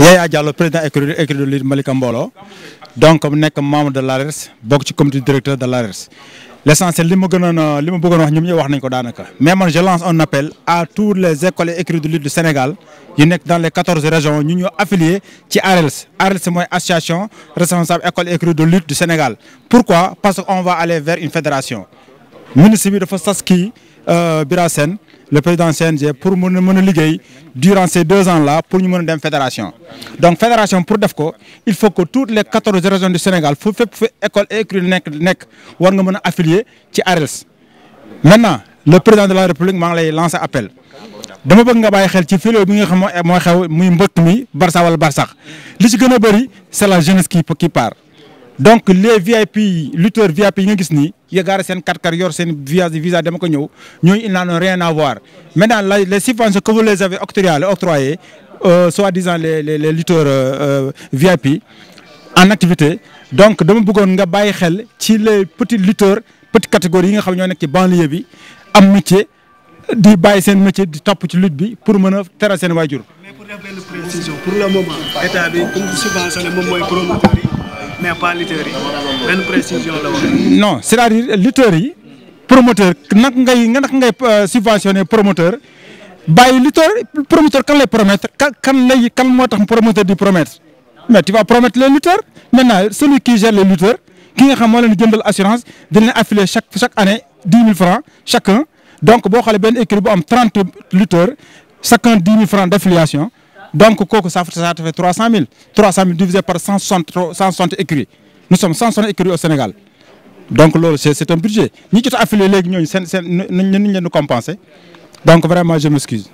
Yaya Diallo président écurie écurie de lutte Malika Mbolo donc nekk membre de l'ARES bokk ci comité directeur de l'ARES l'essentiel li ma gënoon li ma bëggoon wax ñoom ñoo wax nañ ko daanaka mais man je lance un appel à toutes les écoles et de lutte du Sénégal yu nekk dans les régions ñu ñu affilié ci ARELS ARELS mooy association responsable école et de lutte du Sénégal pourquoi parce que on va aller vers une fédération ministre bi dafa sas kii euh, le président CNG pour mën a mën a liggéey durant ces deux ans là pour ñu mën a dem fédération donc fédération pour def ko il faut que toutes les quatorze régions du Sénégal fu fépp fo école et écurie nekk nekk war nga mën a affilier ci ARELS. maintenant le président de la république maa lay lancer appel dama bëgg nga bàyyi xel ci fléau bi nga xam mooy xew muy mbëkk mi Barça wala Barsax li ci gën a bëri c'est la jeunesse qui part. donc les VIP lutteurs VIP yi nga gis ni ya gaare seen kàrkar yor seen visa visa dama ko ñëw ñooñu ils n'ont rien à voir maintenant la les le que vous les avez octroyées octroyées euh, soi-disant les les les lutteurs euh, VIP en activité donc dama buggoon nga bàyyi xel ci les petits lutteurs petites catégories yi nga xam ñoo nekk ci banlieue bi am métier di bàyyi seen métier di topp ci lutte bi pour mën a teral seen waajur. mais pas lutteurs yi benn la wax. non c'est-à-dire lutteurs yi promoteur nag ngay nag ngay euh, subventionné promoteur bàyyi lutteur promoteur kan lay promettre kan kan lay kan moo tax promoteur di promettre mais tu vas promettre les lutteurs maintenant celui qui gère les lutteurs ki nga xam moo leen jëndal assurance dina leen affilier chaque chaque année dix mille francs chacun donc boo xoolee benn écurie bu am trente lutteurs chacun dix mille francs d'affiliation donc kooku ça ça fait 300000 300000 par 160 160 écuries nous au Sénégal donc loolu c' est budget ñi jot a affilié léegi ñooñu seen seen compenser donc vraiment je m' excuse